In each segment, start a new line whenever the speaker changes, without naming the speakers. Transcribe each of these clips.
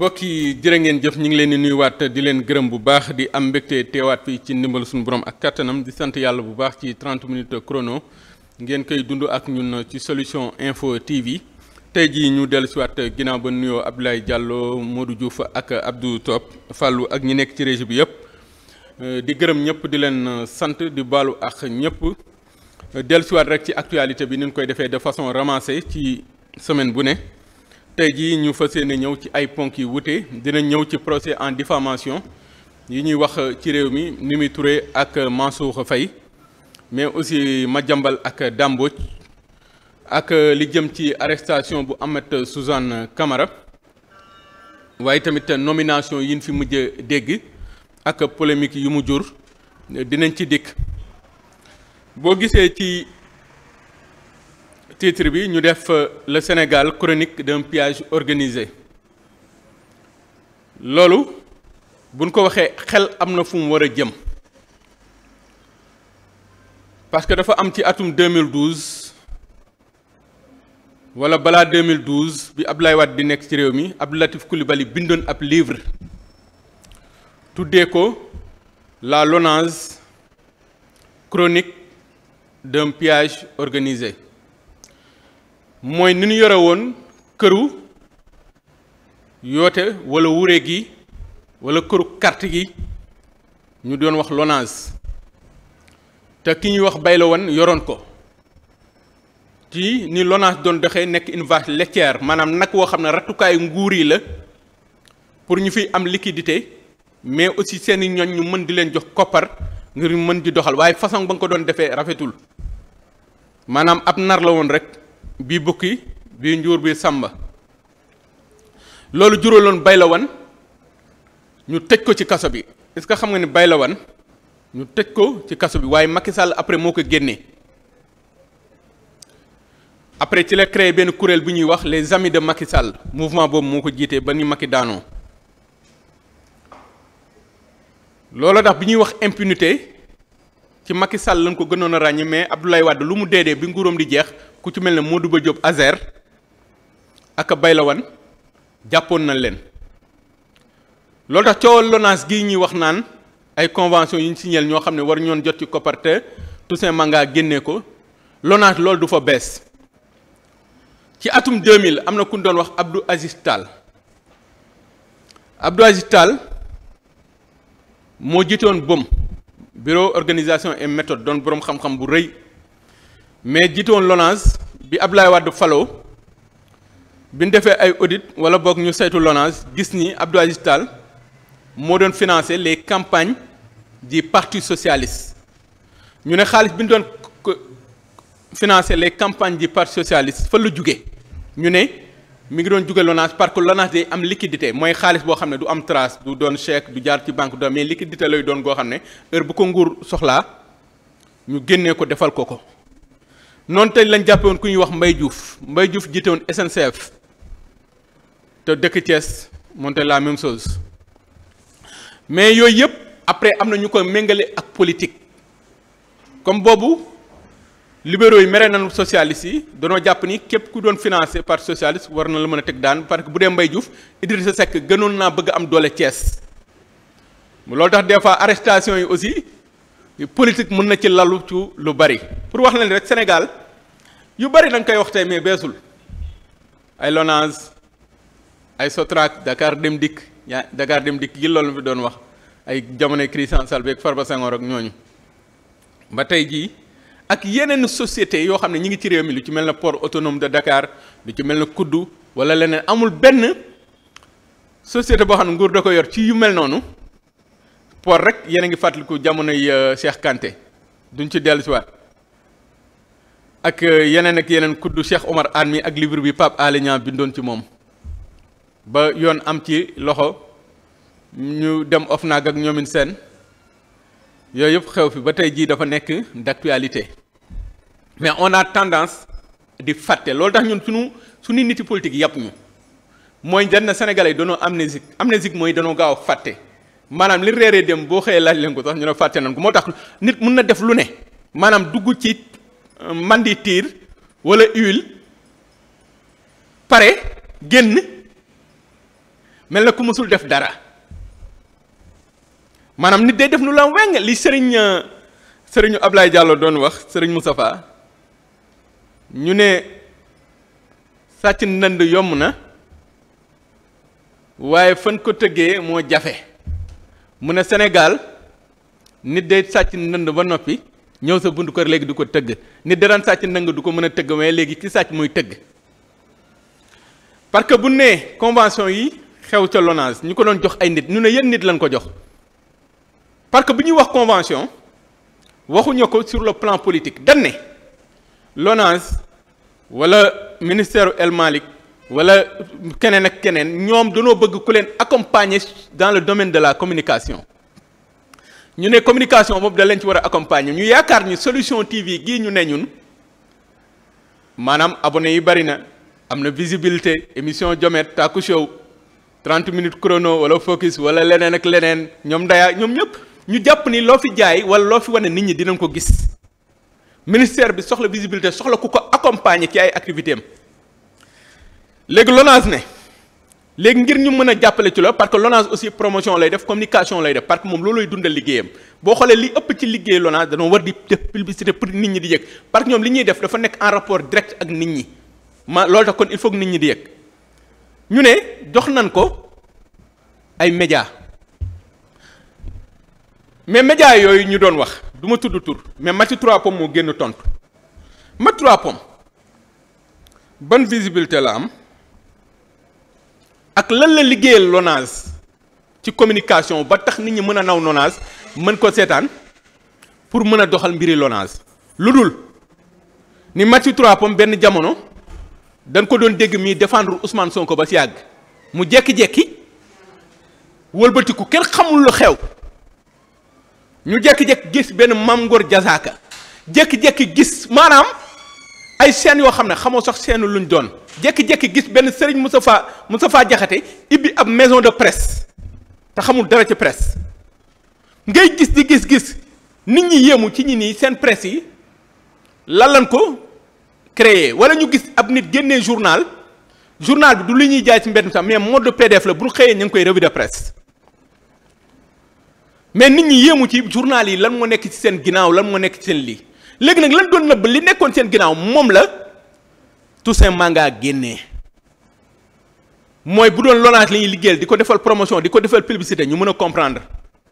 mbokk yi jërë ngeen jëf ñu ngi leen di nuyuwaat di leen gërëm bu baax di am mbégte teewaat fii ci ndimbal suñu borom ak kattanam di sant yàlla bu baax ci 30 minutes chrono ngeen koy dund ak ñun ci solution info TV tey jii ñu dellu si waat ginnaaw ba nuyoo lay jàlloo moo Modou Diouf ak Abdou Top Fallou ak ñi nekk ci région bi yëpp euh, di gërëm ñëpp di leen sant di balu ak ñëpp dellu si rek ci actualité bi ni ñu koy defee de façon ramassée ci semaine bu ne. tey jii ñu fas yéene ñëw ci ay ponk yu wute dinañ ñëw ci procès en diffamation yi ñuy wax ci réew mi ni Mimi Touré ak Mansour Faye mais aussi ma jàmbal ak Dame ak li jëm ci arrestation bu Amath Suzanne Camara waaye tamit nomination yiñ fi mujj dégg ak polémique yu mu jur dinañ ci dikk boo gisee ci titre bi ñu def euh, le Sénégal chronique d'un piage organisé loolu buñ ko waxee xel am na fu mu war a jëm parce que dafa am ci atum 2012 wala balaa 2012 bi Abdoulaye Wade di nekk ci réew mi Abdou Latif Coulibaly bindoon ab livre tuddee ko la Lonase chronique d'un piage organisé mooy ni ñu yore woon këru yoote wala wure gi wala këru carte gi ñu doon wax Lonase te ki ñuy wax bay la woon yoroon ko ti ni Lonase doon doxee nekk une vache maanaam nag woo xam ne rattukaayu nguur yi la pour ñu fi am liquidité mais aussi seeni ñoñ ñu mën di leen jox koppar ngir mën di doxal waaye façon ba nga ko doon defee rafetul maanaam ab nar la woon rek. bii bukki bi njur bi sàmba loolu bay la wan ñu tëj ko ci kaso bi est-ce que xam nga ni wan ñu tëj ko ci kaso bi waaye Macky Sall après moo ko génne après ci la créé benn kuréel bu ñuy wax les amis de Macky Sall mouvement boobu moo ko jiitee ba ni Macky daanoo loolu tax bi ñuy wax impunité ci Macky Sall lañ ko gënoon a ràññee mais Abdoulaye Wade lu mu deedee bi nguuram di jeex ku ci mel ne Modou Ba Diop Azer ak Baylawan jàppoon nañ leen loolu tax coowal LONASE gii ñuy wax naan ay convention yu ñu ñoo xam ne war ñoon jot ci copparte Toussaint Manga génnee ko LONASE loolu du fa bees ci atum 2000 am na ku ñu doon wax Abdou Aziz Tall Abdou Aziz Tall moo jiitoon bom bureau organisation et méthode doon boroom xam-xam bu rëy mais jiite woon LONASE bi Ablaye Wade falo bi ñu defee ay audit wala boog ñu saytu LONASE gis ni Abdou Aziz moo doon financer les campagnes ji parti socialiste ñu ne xaalis bi ñu doon financer les campagnes ji parti socialiste fa la jugee ñu ne. mi ngi doon jugal LONASE parce que LONASE am liquidité mooy xaalis boo xam ne du am trace du doon chèque du jaar ci banque du mais liquidité lay doon goo xam ne heure bu ko nguur soxlaa ñu génnee ko defal ko ko noonu tey lañ jàppe ku ñuy wax mbay Diouf mbay Diouf jiite woon SNCF te dëkk Thiès moom la même chose mais yooyu yëpp après am na ñu koy méngale ak politique comme boobu libéraux yi mere nañu socialiste yi danoo jàpp ni képp ku doon financé par socialiste war na la mën a teg daan parce que bu dee Mbaye Diouf Idrissa Seck gënoon naa bëgg am doole Thiès loolu tax des fois arrestation yi aussi politique mën na ci lalu ci lu bari pour wax leen rek Sénégal yu bari da koy wax tey mais beesul ay Lonase ay Sotrac Dakar Dem Dikk yaa Dakar Dem Dikk lool loolu fi doon wax ay jamonoy Christian Salve ak Farba Senghor ak ñooñu ba tey ak yeneen société yoo xam ne ñi ngi ci réew mi lu ci mel ne port autonome de Dakar lu ci mel ne kuddu wala leneen amul benn société boo xam ne nguur da ko yor ci yu mel noonu port rek yéen a ngi fàttaliku jamonoy euh, Cheikh Kanté duñ ci dellu si ak euh, yeneen ak yeneen kuddu Cheikh Omar Anne mi ak livre bi Pape Alé bindoon ci moom ba yoon am ci loxo ñu dem OFNAC ak ñoomin seen yooyu yëpp xew fi ba tey jii dafa nekk d'actualité mais on a tendance di fàtte loolu tax ñun suñu suñu niti politique yàpp ñu mooy jan na sénégalais yi danoo amnésique amnésique mooy danoo gaaw fàtte maanaam li reere dem boo xëyee laaj leen ko sax ñu ne fàtte nañ ko moo nit mun na def lu ne maanaam dugg ci euh, mandi tiir wala huile pare génn mel na ku mësul def dara maanaam nit day def lu la weng li sëriñ euh, sëriñu Ablaye Diallo doon wax sëriñ Moustapha ñu ne sàcc ndënd yomb na waaye fan ko tëggee moo jafe mun a Sénégal nit day sàcc ndënd ba noppi ñëw sa buntu kër léegi du ko tëgg nit da daan sàcc ndëng du ko mën a tëgg mais léegi ci sàcc muy tëgg parce que bu nee convention yi xew ca LONASE ñu ko doon jox ay nit ñu ne yéen nit lañ ko jox parce que bu ñuy wax convention waxuñoo ko sur le plan politique dañ ne l'ONAS wala ministère El Malick wala keneen ak keneen ñoom dañoo bëgg ku leen accompagner dans le domaine de la communication ñu ne communication boobu da leen ci war a accompagner ñu yaakaar ni solution TV gii ñu nee ñun maanaam abone yi bari na am na visibilité émission Jomet Taku Show 30 minutes chrono wala focus wala leneen ak leneen ñoom daya ñoom ñëpp ñu jàpp ni loo fi jaay wala loo fi wane nit ñi dinañ ko gis ministère bi soxla visibilité soxla ku ko accompagner ci ay activités am léegi LONASE ne léegi ngir ñu mën a jàppale ci loolu parce que LONASE aussi promotion lay def communication lay def parce que moom loolooy dundal liggéeyam boo xoolee li ëpp ci liggéey LONASE dañoo war di def publicité pour nit ñi di yëg parce que ñoom li ñuy def dafa nekk en rapport direct ak nit ñi ma loolu tax kon il faut que nit ñi di yëg ñu ne jox nañ ko ay médias mais médias yooyu ñu doon wax. du ma tudd tur mais Maty Trois Pommes moo génn tontu Maty Trois Pommes ban visibilité la am ak lan la liggéeyal Lonase ci communication ba tax nit ñi mën a naw Lonase mën ko seetaan pour mën a doxal mbiri Lonase lu dul ni Maty Trois Pommes benn jamono dañ ko doon dégg mii défendre Ousmane Sonko ba si àgg mu jekki-jekki wëlbatiku kenn xamul lu xew ñu jékki-jékki gis benn mam ngor jasaaka jékki-jékki gis maanaam ay seen yoo xam ne xamoo sax seenu luñ doon jékki-jékki gis benn Serigne Moustapha Moustapha jaxate ibbi ab maison de presse te xamul dara ci presse ngay gis di gis gis nit ñi yéemu ci ñi nii seen presse yi lan lañ ko créer wala ñu gis ab nit génnee journal journal bi du li ñuy jaay ci mbedd mi sax mais mode PDF la bu xëyee ñu ngi koy revue de mais nit ñi yéemu ci journal yi lan moo nekk ci seen ginnaaw lan moo nekk ci seen lii léegi nag lan doon nëbb li nekkoon seen ginnaaw moom la Toussaint Manga génnee mooy bu doon Lonase la ñuy liggéeyal di ko defal promotion di ko defal publicité ñu mën a comprendre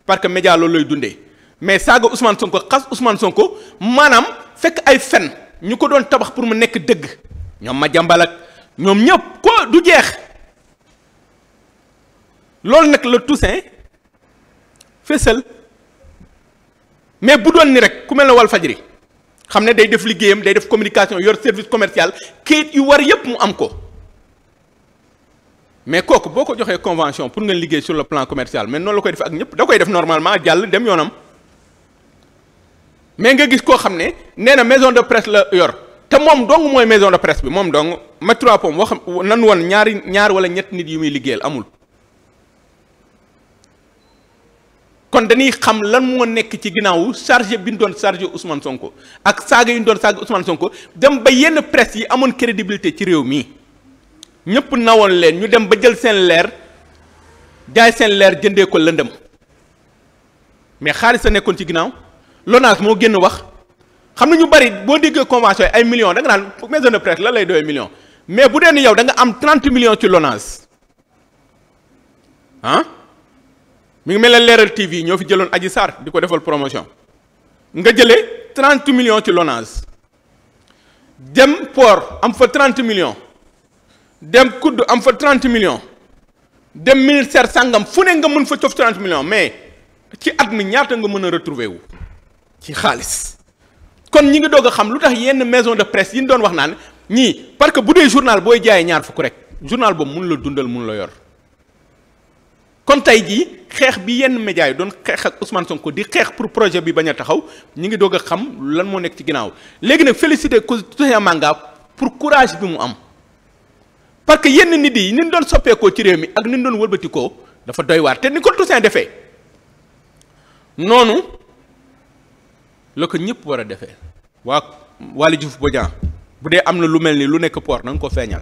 parce que média loolu lay dundee mais saaga son ko xas Ousmane Sonko maanaam fekk ay fen ñu ko doon tabax pour mu nekk dëgg ñoom Madiambal ak ñoom ñëpp ko du jeex loolu nag la Toussaint. fésal mais bu doon ni rek ku mel ne wal fajri xam ne day def liggéeyam day def communication yor service commercial kayit yu war yépp mu am ko mais kooku boo ko joxee convention pour nga liggéey sur le plan commercial mais noonu la koy def ak ñëpp da koy def normalement jàll dem yoonam mais nga gis koo xam ne nee na maison de presse la yor te moom dong mooy maison de presse bi moom dong Maître Wapom wax nan woon ñaari ñaar wala ñett nit yu muy liggéeyal amul. kon dañuy xam lan moo nekk ci ginnaawu chargé bi ñu doon chargé Ousmane Sonko ak saaga yu ñu doon saaga Ousmane Sonko dem ba yenn presse yi amoon crédibilité ci réew mi ñëpp nawoon leen ñu dem ba jël seen leer jaay seen leer jëndee ko lëndëm mais xaalis sa nekkoon ci ginnaaw LONASE moo génn wax xam na ñu bari boo déggee convention yi ay millions da nga naan maison de presse la lay doyee million mais bu dee ni yow danga am 30 millions ci LONASE ah mi ngi mel ne leeral TV ñoo fi jëloon Adji Sarr di ko defal promotion nga jëlee trente million ci Lonase dem port am fa 30 million dem kudd am fa 30 millions dem ministère sàngam fu ne nga mën fa cof 30 millions mais ci at mi ñaata nga mën a retrouver wu ci xaalis kon ñi ngi doog a xam lu tax yenn maison de presse yi nu doon wax naan ñii parce que bu dee journal booy jaaye ñaar fukk rek journal boobu mun la dundal mun la yor kon tey jii xeex bi yenn médias yi doon xeex ak Ousmane Sonko di xeex pour projet bi bañ a taxaw ñu ngi doog a xam lan moo nekk ci ginnaaw léegi nag félicité ko Toussaint Manga pour courage bi mu am parce que yenn nit yi ni doon soppeekoo ci réew mi ak ni doon wëlbatikoo dafa doy waar te ni ko Toussaint defee noonu la ko ñëpp war a defee. waa Waly Diouf Bodian bu dee am na lu mel ni lu nekk port na koo feeñal.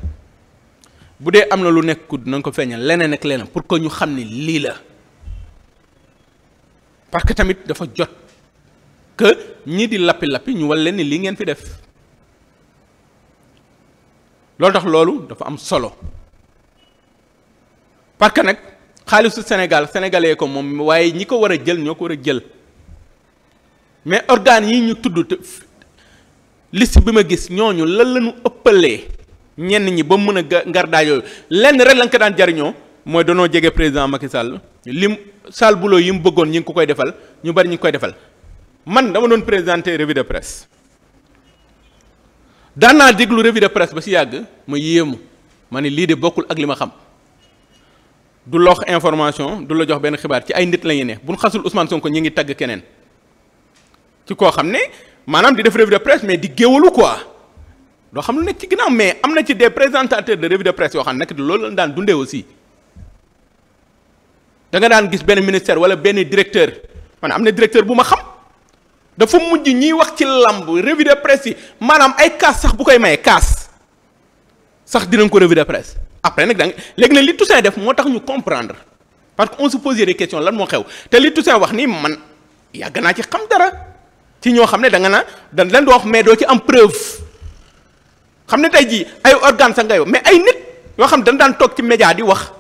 bu dee am na lu nekkut na nga ko feeñal leneen ak leneen pour que ñu xam ne lii la parce que tamit dafa jot que ñii di lappi lappi ñu wal leen ni lii ngeen fi def loolu tax loolu dafa am solo parce que nag xaalisu Sénégal sénégalais ko moom waaye ñi ko war a jël ñoo ko war a jël mais organes yi ñu tudd liste bi ma gis ñooñu lan la ñu ëppalee. ñenn ñi ba mu mën a ngardaa ngardaayoo lenn rek lañ ko daan jariñoo mooy danoo jege président Macky Sall lim Sall buloo yi mu bëggoon ñi ngi ko koy defal ñu bari ñu ngi koy defal man dama doon présenté revue de presse daan naa déglu revue de presse ba si yàgg ma yéemu ma ne lii de bokkul ak li ma xam du lox information du la jox benn xibaar ci ay nit la ñuy ne bu ñu xasul Ousmane ko ñu ngi tagg keneen ci koo xam ne maanaam di def revue de presse mais di géwalu quoi. doo xam lu nekk ci ginnaaw mais am na ci des présentateurs de revue de presse yoo xam nekk loolu lañ daan dundee aussi da nga daan gis benn ministère wala benn directeur man am na directeur bu ma xam dafa mujj ñiy wax ci lamb revue de presse yi maanaam ay kaas sax bu koy maye kaas sax dinañ ko revue de presse après nag da léegi nag li Toussaint def moo tax ñu comprendre parce que on se posait des lan moo xew te li Toussaint wax nii man yàgg naa ci xam dara ci ñoo xam ne da nga naan dañ leen di wax mais doo ci am preuve. xam ne tey jii ay organe sax ngay wax mais ay nit yoo xam ne dañ daan toog ci média di wax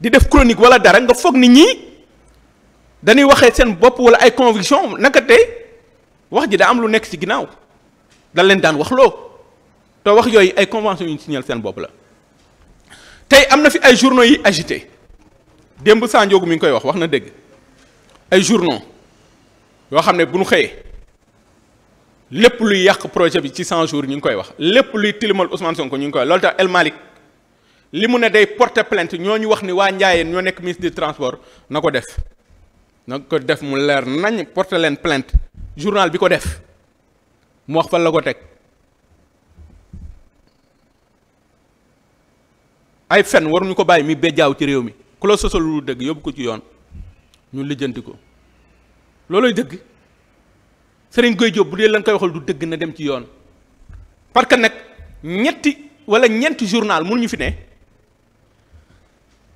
di def chronique wala dara nga foog nit ñi dañuy waxee seen bopp wala ay conviction naka tey wax ji da am lu nekk ci ginnaaw dañ leen daan wax loo te wax yooyu ay convention yu ñu signal seen bopp la tey am na fi ay journaux yi agité démb Sandiogu mi ngi koy wax wax na dëgg ay journaux yoo xam ne bu ñu xëyee lépp luy yàq projet bi ci 100 jours ñu ngi koy wax lépp luy tilimal Ousmane Sonko ñu ngi koy wax loolu tax El Malick li mu ne day porter plainte ñoo ñu wax ni waa Njaayeen ñoo nekk ministre transport na ko def na ko def mu leer nañ porter leen plainte journal bi ko def mu wax fan la ko teg ay fen waruñu ko bàyyi mi bejjaaw ci réew mi ku la sosalul dëgg yóbbu ko ci yoon ñu lijjanti ko looloy dëgg sëriñ Goy Jóob bu dee la nga koy waxal du dëgg na dem ci yoon parce que nag ñetti walla ñeenti journal ñu fi ne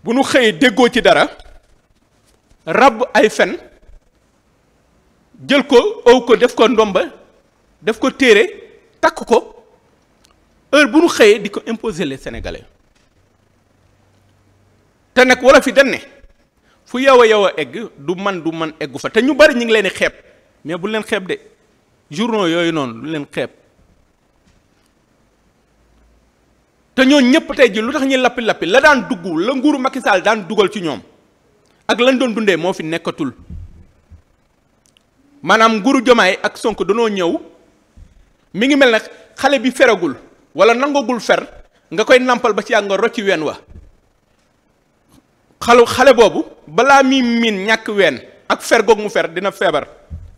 bu nu xëyee déggoo ci dara rab ay fen jël ko ow ko def ko ndomba def ko téere takk ko heure bu nu xëyee di ko imposer les sénégalais te nekk wala fi dañ ne fu yow a yow a egg du man du man eggu fa te ñu bari ñu ngi leen di xeeb mais bu leen xeeb de journaux yooyu noonu lu leen xeeb te ñooñu ñëpp tey ji lu tax ñuy lappi lappi la daan dugg la nguuru Macky Sall daan dugal ci ñoom ak lañ doon dundee moo fi nekkatul maanaam nguuru Jomaay ak Sonko danoo ñëw mi ngi mel na xale bi feragul wala nangagul fer nga koy nampal ba ci yàgg nga rocci ween wa xalu xale boobu balaa muy miin ñàkk ween ak fer goog mu fer dina feebar.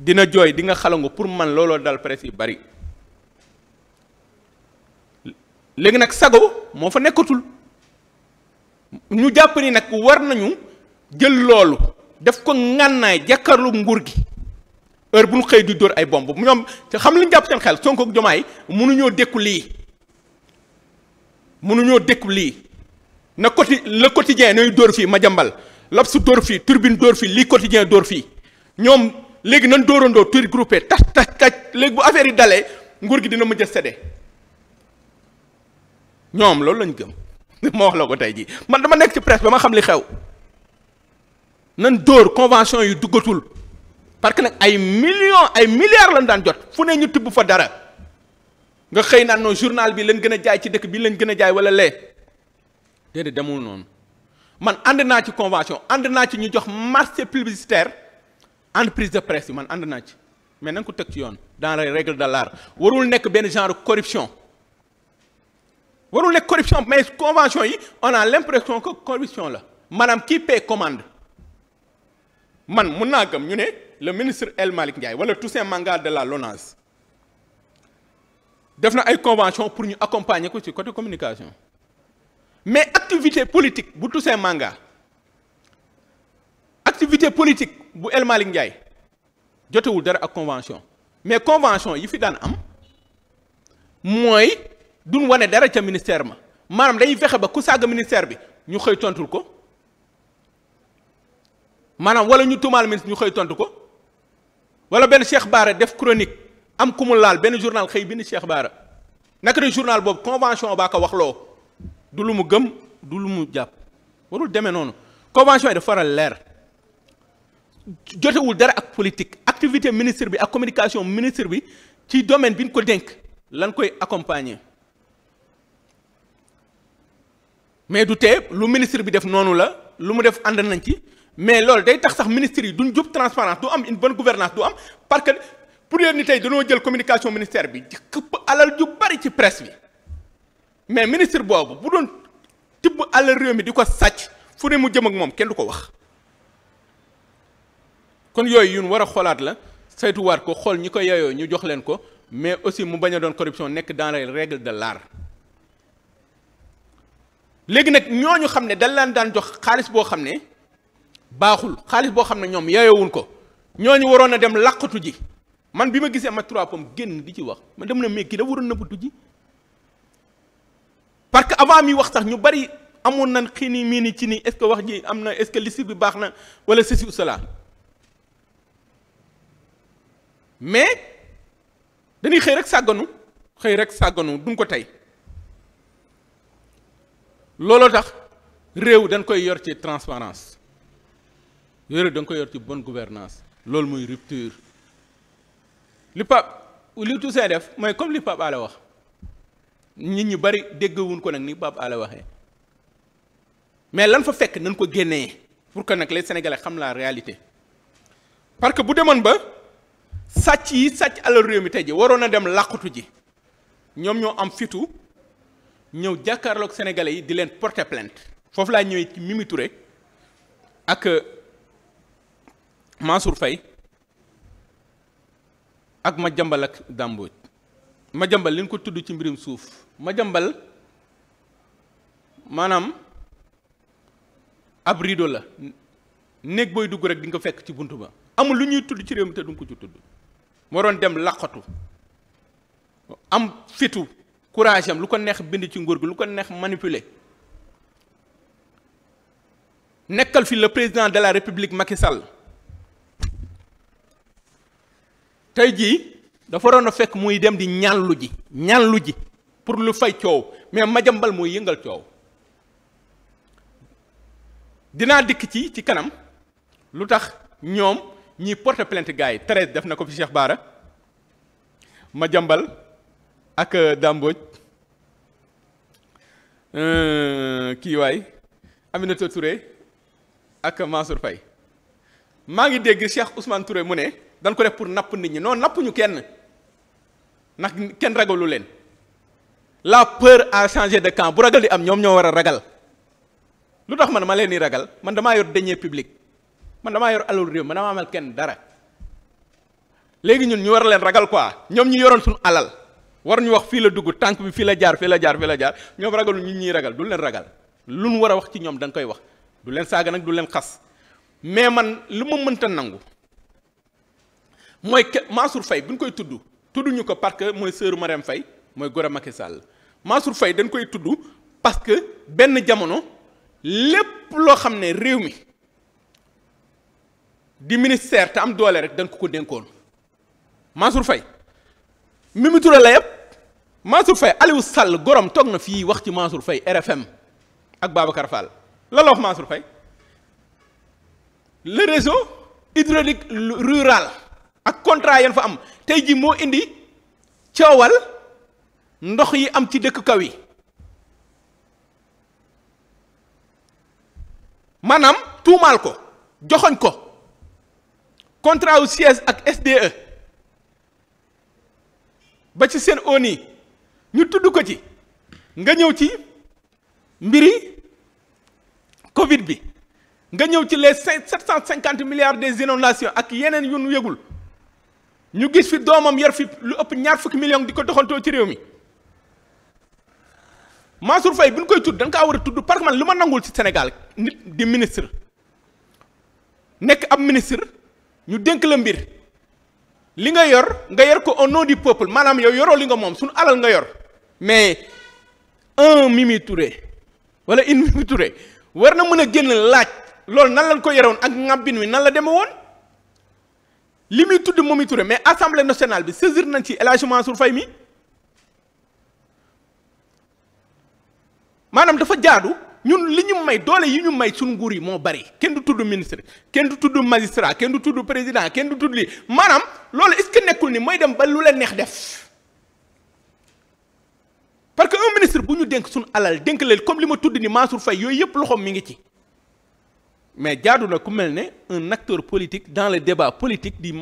dina jooy di nga xalangu pour man looloo dal presse yi bari léegi nag sago moo fa nekkatul ñu jàpp ni nag war nañu jël loolu def ko ngànnaay jàkkarlu nguur gi heure bu ñu xëy di dóor ay bomb ñoom xam li ñu jàpp seen xel Sonko ak Jomaay munuñoo dékku lii mënuñoo dékku lii na côté le quotidien nooy dóor fii ma Madiambal L'Obs dóor fii Turbine dóor fii lii quotidien dóor fii ñoom léegi nan dóorandoo tur groupé taj taj taj léegi bu affaire yi dalee nguur gi dina mujj a sede ñoom loolu lañ gëm ma wax la ko tey jii man dama nekk ci presse ba ma xam li xew nan dóor convention yu duggatul parce que nag ay millions ay milliards lañ daan jot fu ne ñu tibb fa dara nga xëy naan noonu journal bi lañ gën a jaay ci dëkk bi lañ gën a jaay wala lee déedéet demul noonu man ànd naa ci convention ànd naa ci ñu jox marché publicitaire entreprise de presse yi man ànd naa ci mais na ko teg ci yoon dans les de l'art warul nekk benn genre corruption warul nekk corruption mais convention yi on a l'impression que corruption la maanaam qui paie commande man mun naa gëm ñu ne le ministre El Malick Ndiaye wala Toussaint Manga de la LONASE def na ay convention pour ñu accompagner ko ci côté communication mais activité politique bu Toussaint Manga activité politique bu El Malick Ndiaye jotewul dara ak convention mais convention yi fi daan am mooy duñ wane dara ca ministère ma maanaam dañuy fexe ba ku saaga ministère bi ñu xëy tontul ko maanaam wala ñu tuumaal ministre ñu xëy tontu ko wala benn Cheikh Baara def chronique am ku mu laal benn journal xëy bind Cheikh Baara naka ne journal boobu convention baa ko wax loo du lu mu gëm du lu mu jàpp warul demee noonu convention yi dafa faral leer. jotewul dara ak politique activité ministre bi ak communication ministre bi ci domaine bi ñu ko denk lan koy accompagner mais du tee lu ministre bi def noonu la lu mu def ànd nañ ci mais loolu day tax sax ministre yi duñ jub transparence du am une bonne gouvernance du am parce que pour yéen ni tey danoo jël communication ministère bi këpp alal ju bari ci presse bi mais ministre boobu bu doon tibb alal réew mi di ko sàcc fu ne mu jëm ak moom kenn du ko wax kon yooyu yun war a xoolaat la seytuwaat ko xool ñi ko yeyoo ñu jox leen ko mais aussi mu bañ a doon corruption nekk daana les règles de l'art léegi nag ñooñu xam ne dañ laan daan jox xaalis boo xam ne baaxul xaalis boo xam ne ñoom yeyoowuñ ko ñooñu waroon a dem làqatu ji man bi ma gisee ma trois pom génn di ci wax ma dem na mais kii da waroon nëbbatu ji parce que avant mi wax sax ñu bari amoon nañ xii nii mii ni ci nii est-ce que wax ji am na est-ce que liste bi baax na wala ceci ou mais dañuy xëy rek sàgganu xëy rek sàgganu duñ ko tey looloo tax réew dañ koy yor ci transparence réew dañ koy yor ci bon gouvernance loolu muy rupture li pap li Toussaint def mooy comme li Pape Alé wax nit ñi bari déggwuñ ko nag ni Pape waxee mais lan fa fekk nañ ko génnee pour que nag les sénégalee xam la réalité parce que bu demoon ba sàcc yi sàcc alal réew mi tey ji waroon a dem làqutu ji ñoom ñoo am fitu ñëw jàkkaarlook sénégalais yi di leen porter plainte foofu laa ñëwee ci Mimi Touré ak euh, Mansour fay ak Madiambal ak Dame ma jambal li ñu ko tudd ci mbirum suuf ma jambal maanaam ab rideau la néeg booy dugg rek di nga ko fekk ci bunt ba amul lu ñuy tudd ci réew mi te du nga ko ci tudd moo dem laqatu am fitu courage lu ko neex bind ci nguur gi lu ko neex manipuler nekkal fi le président de la république Macky Sall tey jii dafa waroon a fekk muy dem di ñaanlu ji ñaanlu ji pour lu fay coow mais Madiambal mooy yëngal coow dinaa dikk ci ci kanam lu tax ñoom ñi porte plainte gars yi treize def na ko fi Cheikh baara ma jambal ak euh, Damboj euh, kii waay Aminata Touré ak Mansour Faye maa ngi dégg Cheikh Ousmane Touré mu ne dañ ko def pour napp nit ñi non napp ñu kenn ndax kenn ragalu leen la peur a changé de camp bu ragal di am ñoom ñoo war a ragal lu tax man ma leen di ragal man damaa yor deniers publics man damaa yor alal réew man damaa amal kenn dara léegi ñun ñu war leen ragal quoi ñoom ñu yoroon suñu alal war ñu wax fii la dugg tànk bi fii la jaar fii la jaar fii la jaar ñoom ragalu ñun ñuy ragal du leen ragal lu nu war a wax ci ñoom danga koy wax du leen saaga nag du leen xas mais man lu ma mënta nangu mooy Mansour fay bu ñu koy tudd tudduñu ko parce que mooy sœur Marème fay mooy goro Macky Sall maasur fay dañ koy tudd parce que benn jamono lépp loo xam ne réew mi. di ministère te am doole rek dañ ko ko dénkoon Mansour Faye Mimi la yëpp Mansour fay Aliou Sall gorom toog na fii wax ci Mansour fay RFM ak Babacar Fall la la wax Mansour réseau hydraulique rural ak contrat yan fa am tey ji moo indi coowal ndox yi am ci dëkk kaw yi maanaam tuumaal ko joxoñ ko contrat wu siège ak SDE ba ci seen oni ñu tudd ko ci nga ñëw ci mbiri Covid bi nga ñëw ci les cinq sept cent cinquante milliards des inondations ak yeneen yu ñu gis fi doomam yar fi lu ëpp ñaar fukki million di ko doxantoo ci réew mi Mansour fay bu ñu koy tudd da kaa war a tudd parce man lu ma nangul ci Sénégal nit di ministre nekk ab ministre. ñu dénk la mbir li nga yor nga yor ko au nom du peuple maanaam yow yoroo li nga moom suñu alal nga yor mais un Mimi Touré wala une Mimi Touré war na mën a génn laaj loolu na lañ ko yoroon ak ŋàbbin wi nan la deme woon li muy tudd moom Mimi Touré mais assemblée nationale bi saisir nañ ci El Hadj Mansour mi maanaam dafa jaadu ñun li ñu may doole yi ñu may suñu nguur yi moo bari kenn du tudd ministre kenn du tudd magistrat kenn du tudd président kenn du tudd lii maanaam loolu est-ce nekkul ni mooy dem ba lu la neex def parce que un ministre bu ñu denk suñu alal dénk leen comme li ma tudd ni Mansour Faye yooyu yëpp loxoom mi ngi ci mais jaadu na ku mel ne un acteur politique dans le débat politique di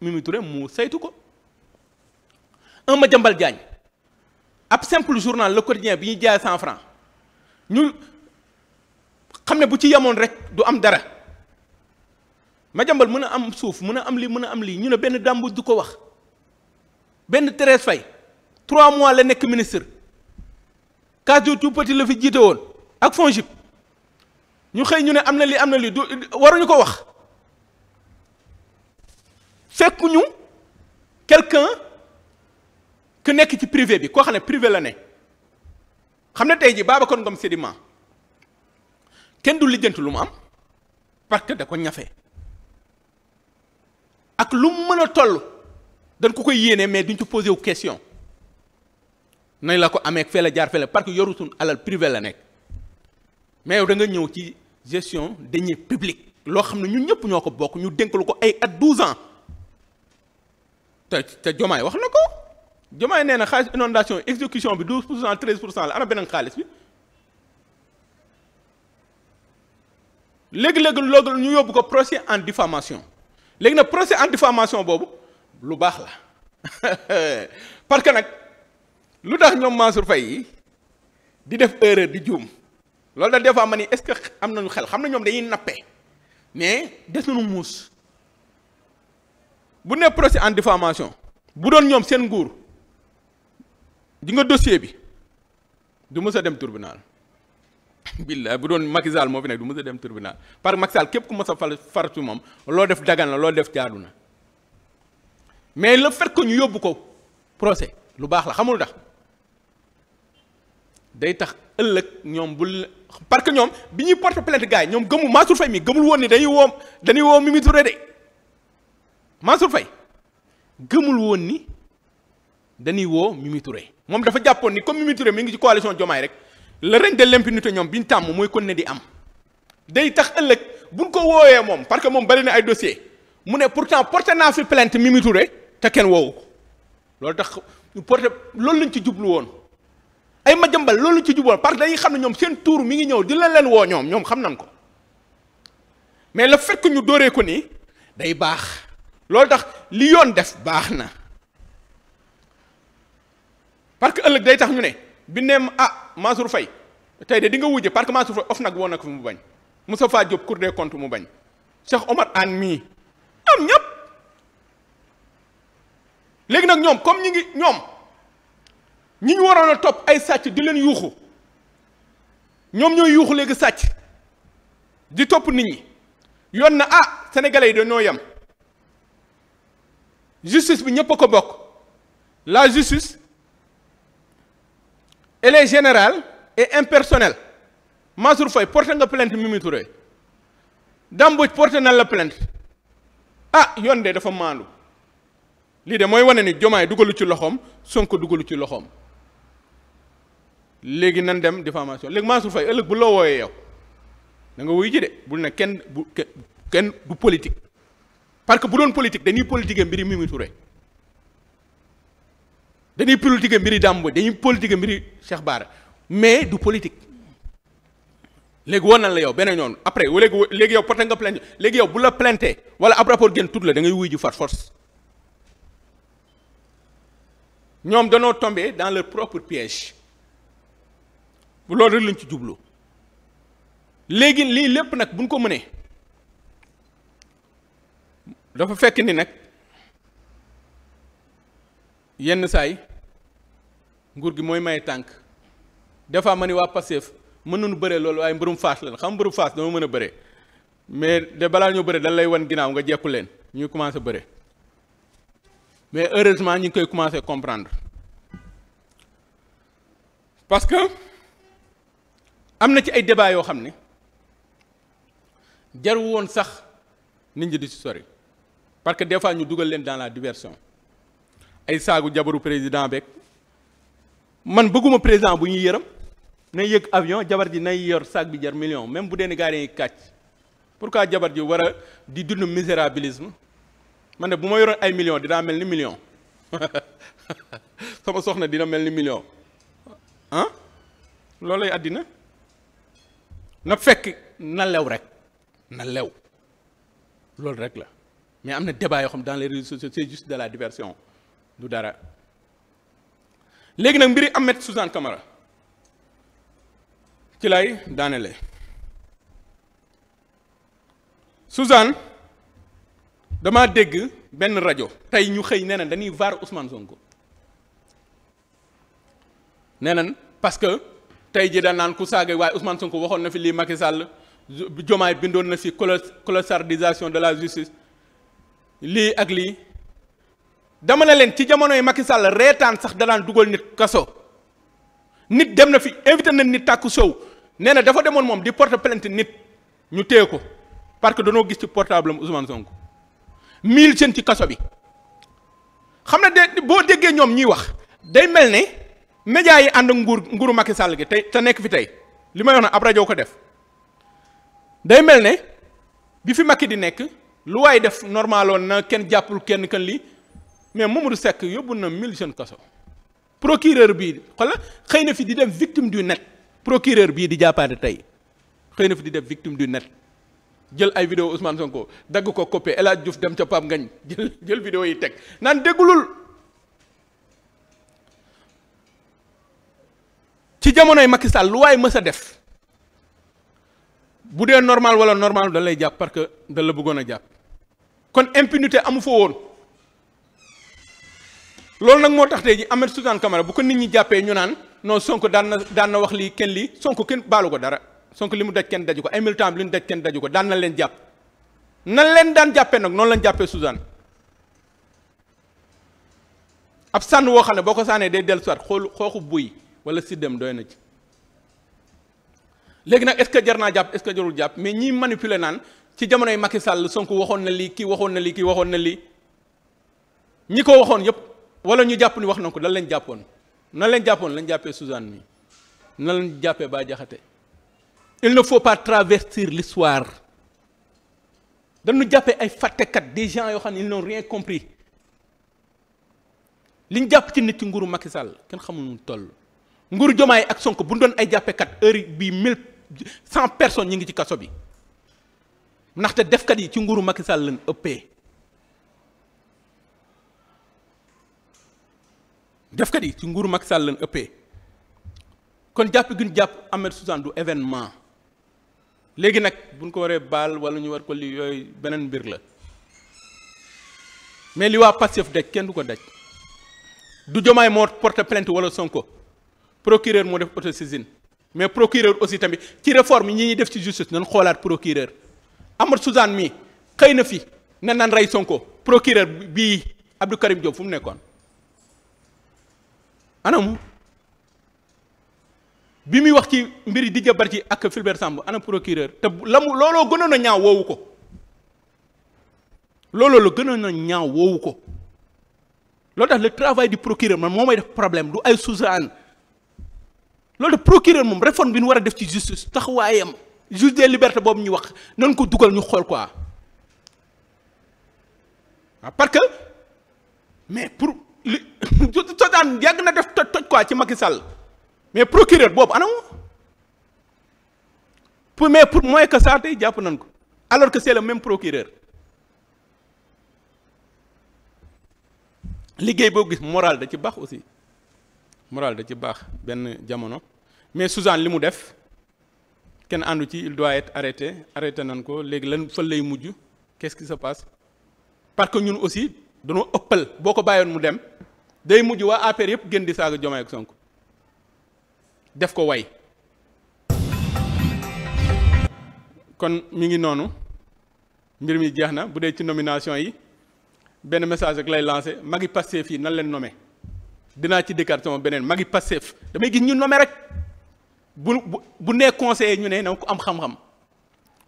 Mimi Touré mu saytu ko un Madiambal Diagne ab simple journal Le Quotidien bi ñu jaay cent francs ñu xam ne bu ci yemoon rek du am dara Madiambal mën a am suuf mën a am lii mën a am lii ñu ne benn dàmbu du ko wax benn Thérèse Faye trois mois la nekk ministre cas de tout petit la fi jiite woon ak FONGIP ñu xëy ñu ne am na lii am na lii du waruñu ko wax fekkuñu quelqu'un ku nekk ci privé bi koo xam ne privé la ne xam na tey ji Babacar Ngom Sedima kenn du lijjant lu mu am parce que da ko ñafe ak lu mu mën a toll dañ ko koy yéene mais duñ ci posé wu question nañ la ko amee fee la jaar fee la parce alal privé la nekk mais yow da ñëw ci gestion dañuy publique loo xam ne ñun ñëpp ñoo ko bokk ñu dénkalu ko ay at 12 ans te te Jomaay wax na ko. Diomaye nee na xaalis inondation exécution bi 12 pour cent 13 pour cent la ana beneen xaalis bi léegi-léegi loolu ñu yóbbu ko procès en diffamation léegi nag procès en diffamation boobu lu baax la parce que nag lu tax ñoom Mansour Faye yi di def erreur di juum loolu da des fois ma ni est-ce que am nañu xel xam na ñoom dañuy nappe mais des nañu muus bu ne procès en diffamation bu doon ñoom seen nguur di nga dossier bi du mës a dem tribunal billaay bu doon Macky moo fi nekk du mës dem tribunal par Macky képp ku mës a fal faratu moom loo def dagan la loo def jaadu na mais la fait que ñu yóbbu ko procès lu baax la xamul ndax day tax ëllëg ñoom bul parce que ñoom bi ñuy porte plainte gars yi ñoom gëmul Mansour Faye mi gëmul woon ni dañuy woo dañuy woo Mimi Touré de Mansour Faye gëmul woon ni dañuy woo Mimi Touré moom dafa jàppoon ni comme Mimi mi ngi ci coalition Diomaye rek le règne de l'impunité ñoom bi ñu tàmm mooy kon ne di am day tax ëllëg buñ ko wooyee moom parce que moom bari na ay dossier mu ne pour pourtant porté naa fi plainte Mimi Touré te kenn woowu loolu tax ñu porté loolu lañ ci jublu woon ay ma jëmbal loolu lañ ci jublu woon parce que dañuy xam ne ñoom seen tour mi ngi ñëw di leen woo ñoom ñoom xam nañ ko mais le fekk ñu dooree ko nii day baax loolu tax li yoon def baax na parce que ëllëg day tax ñu ne bi a ah fay Faye tey de di nga wujje parce que Mansour of nag woon na ko fi mu bañ Moustapha Diop Cour des comptes mu bañ Cheikh Omar ann mii am ñëpp léegi nag ñoom comme ñi ngi ñoom ñi ñu waroon a topp ay sàcc di leen yuuxu ñoom ñooy yuuxu léegi sàcc di topp nit ñi yoon na ah sénégalais yi dañoo yem justice bi ñëpp a ko bokk la justice elle est générale et impersonnelle Mansour Faye porté nga plainte Mimi Touré Dame Mbodj porté la plainte ah yoon de dafa maandu lii de mooy wane ni jomaay dugalu ci loxoom Sonko dugalu ci loxoom léegi nan dem diffamation léegi Mansour Faye ëllëg bu loo wooyee yow da woy ji de bul ne kenn bu kenn du politique parce que bu doon politique dañuy politiquer mbiri Mimi dañuy politique mbiri Dame Mbodj dañuy politique mbiri Cheikh Bara mais du politique léegi woon nan la yow beneen yoon après léegi léegi yow porté nga plainte léegi yow bu la plainte wala ab rapport génn tudd la da ngay wuy ji far force ñoom danoo tombé dans leur propre piège bu loolu rek lañ ci jublu léegi lii lépp nag buñ ko mënee dafa fekk ni nag yenn saay nguur gi mooy may tànk des fois ma ni waa Pastef mën nañu bëree loolu waaye mbërum faas la xam mbërum faas dama mën a bëree mais de balaa ñoo bëree dañ lay wan ginnaaw nga jekku leen ñuy commencé bëree mais heureusement ñu ngi koy commencé comprendre parce que am na ci ay débat yoo xam ne jaru woon sax nit ñi di si sori parce que des fois ñu dugal leen dans la diversion ay saagu jabaru président beeg man bëgguma président bu ñuy yërëm nay yëg avion jabar ji nay yor saag bi jar million même bu dee ni gaari yi kàcc pourquoi jabar ji war a di dund misérabilisme man ne bu ma yoroon ay million dinaa mel ni million sama soxna dina mel ni million loolu loolay àddina na fekk na lew rek na lew loolu rek la mais am na débat yoo xam dans les réseaux sociaux c'est juste de la diversion du dara léegi nag mbiri Ahmed Suzanne Camara ci lay daanele Suzanne dama dégg benn rajo tey ñu xëy neneen dañuy vaar Ousmane Sonko neneen parce que tey ji daan naan ku saaga waaye Ousmane Sonko waxoon na fi lii Macky Sall jomaay bindoon na fi colo colossardisation de la justice lii ak lii dama ne leen ci jamonoy Macky Sall reetaan sax dalaan dugal nit kaso nit dem na fi invité na nit tàkku sow nee na dafa demoon moom di porte plainte nit ñu téye ko parce que danoo gis ci portable am Ousmane Sonko mille jeunes ci kaso bi xam na de boo déggee ñoom ñuy wax day mel ne médias yi ànd nguur nguuru Macky sàll gi tey te nekk fi tey li may wax na ab rajoo ko def day mel ne bi fi Macky di nekk lu waay def normaloon na kenn jàppul kenn kan li mais Mamadou Seck yóbbu na mille jeunes kaso procureur bii xoolal xëy na fi di dem victime du net procureur bii di jàppaate tey xëy na fi di dem victime du net jël ay vidéo Ousmane Sonko dagg ko coppe El Hadj dem ca Pape Ngagne jël jël vidéo yi teg naan déggulul ci jamonoy Macky Sall lu waaye mës def bu dee normal wala normal dañ lay jàpp parce que dañ la bëggoon a jàpp kon impunité amu fa woon. loolu nag moo tax tey amet Ahmed Suzanne Camara bu ko nit ñi jàppee ñu naan non Sonko daan na daan na wax lii kenn lii Sonko kenn baalu ko dara Sonko li mu daj kenn daju ko ay militant bi li mu daj kenn daju ko daan na leen jàpp nan leen daan jàppee nag noonu lañ jàppee Suzanne ab sànn woo xam ne boo ko sànnee day dellu soit xoolu xooxu buy wala siddem doy na ci léegi nag est-ce que jar naa jàpp est-ce jàpp mais ñi manipuler naan ci jamonoy Macky Sall sonk waxoon na lii kii waxoon na lii kii waxoon na lii ñi ko waxoon yépp wala ñu jàpp ni wax na ko dan lañ jàppoon nan lañ jàppoon lañ jàppee Suzanne mi nan lañ jàppee Bah Diakhaté il ne faut pas travestir l'histoire dañu jàppee ay fàttekat des gens yoo xam ne ils n'ont rien compris liñ jàpp ci nit ci nguru Macky Sall kenn xamul nu toll nguuru Jomaay ak Sonko bu ñu doon ay jàppekat heure bii mille cent personnes ñi ngi ci kaso bi ndaxte defkat yi ci nguru Macky Sall lañ ëppee defkat yi ci nguuru Macky Sall lañ ëppee kon jàpp gi jàpp Ahmed Suzane du événement léegi nag buñ ko waree baal wala ñu war ko li yooyu beneen mbir la mais li waa Pastef daj kenn du ko daj du jomaay moo porte plainte wala Sonko procureur moo def autosaisine mais procureur aussi tamit ci réforme yi ñi ñuy def ci justice nañ xoolaat procureur amat Suzane mii xëy na fi na naan rey Sonko procureur bii Abdou Karim Diop fu mu nekkoon anam bi muy wax ci mbir mbiri Didier ci ak Fulbert Sambou anam procureur te la mu looloo gënoon a ñaaw woowu ko looloo la gënoon a ñaaw woowu ko loolu tax le travail du procureur man moo may def problème du ay sous-an loolu procureur moom réforme bi ñu war a def ci justice taxawaayam juge des libertés boobu ñu wax nañ ko dugal ñu xool quoi waaw ah, parce que mais pour li sosaan yàgg na def toj toj quoi ci Macky Sall mais procureur boobu ana moom pour mais pour moins que ça tey jàpp nañ ko alors que c'est le même procureur liggéey boo gis moral da ci baax aussi moral da ci baax benn jamono mais Suzanne li mu def kenn àndu ci il doit être arrêté arrêté nañ ko léegi lan fan lay mujj qu'est-ce qui se passe parce que ñun aussi dañoo ëppal boo ko bàyyoon mu dem day mujj waa APR yëpp gën di saaga Diomaye ak Sonko def ko way kon mu ngi noonu mbir mi jeex na bu dee ci nomination yi benn message rek lay lancé magi Pastef yi nan leen nome dinaa ci dikkaat sama beneen yi Pastef damay gis ñu nommé rek bu bu bu nee conseiller ñu ne na ku am xam-xam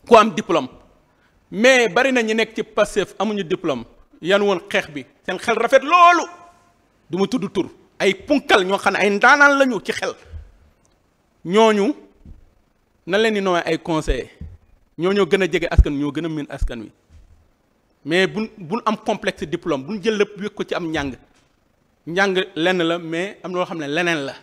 ku am diplôme mais bari na ñu nekk ci Pastef amuñu diplôme yan woon xeex bi seen xel rafet loolu du ma tudd tur ay punkal ñoo xam ne ay ndaanaan lañu ci xel ñooñu na leen di nommé ay conseil ñoo ñoo gën a jege askan wi ñoo gën a miin askan wi mais bu buñ am complexe bu buñ jël lépp wékk ko ci am njàng njàng lenn la mais am na loo xam ne leneen la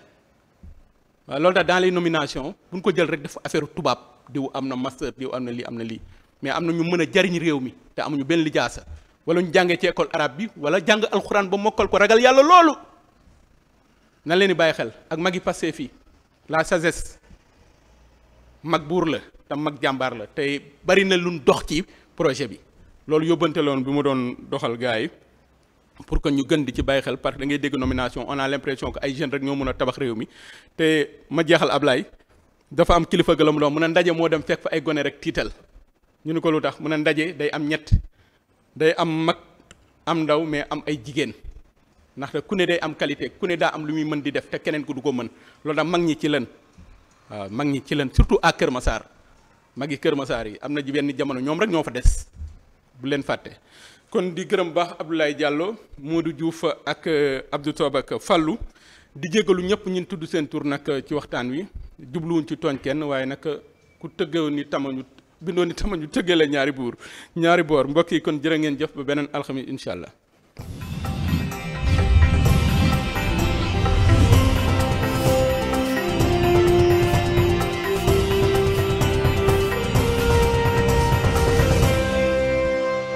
waaw loolu tax dans nomination nominations buñ ko jël rek def affaire tubaab diw am na master diw am na lii am na lii mais am na ñu mën a jariñ réew mi te amuñu benn lijaasa wala ñu jàngee ci école arabe bi wala jàng alxuraan ba mokkal ko ragal yàlla loolu na leen di bàyyi xel ak mag yi passé fii la sagesse mag buur la te mag jàmbaar la tey bari na luñ dox ci projet bi loolu yóbbante loon bi mu doon doxal gars yi pour que ñu gën di ci bàyyi xel parce que da ngay dégg nomination on a l'impression que ay jeunes rek ñoo mën a tabax réew mi te ma jeexal ab Ablaye dafa am kilifa gëlam doon mu ne ndaje moo dem fekk fa ay gone rek tiital ñu ni ko lu tax mu ne ndaje day am ñett day am mag am ndaw mais am ay jigéen ndaxte ku ne day am qualité ku ne daa am lu muy mën di def te keneen ku du ko mën loolu nag mag ñi ci leen waaw mag ñi ci leen surtout à Kër Massar mag yi Kër masaar yi am na ji benn jamono ñoom rek ñoo fa des bu leen fàtte. kon di gërëm baax jàlloo moo Diallo Modou fa ak euh, Abdou Toob ak Fallou di jégalu ñëpp ñun tudd seen tour nag ci waxtaan wi jubluwuñ ci tooñ kenn waaye nag ku tëggoon ni tamañu bindoon itam ñu tëggale ñaari buur ñaari boor mbokk yi kon jërë ngeen jëf ba beneen alxamis incha allah.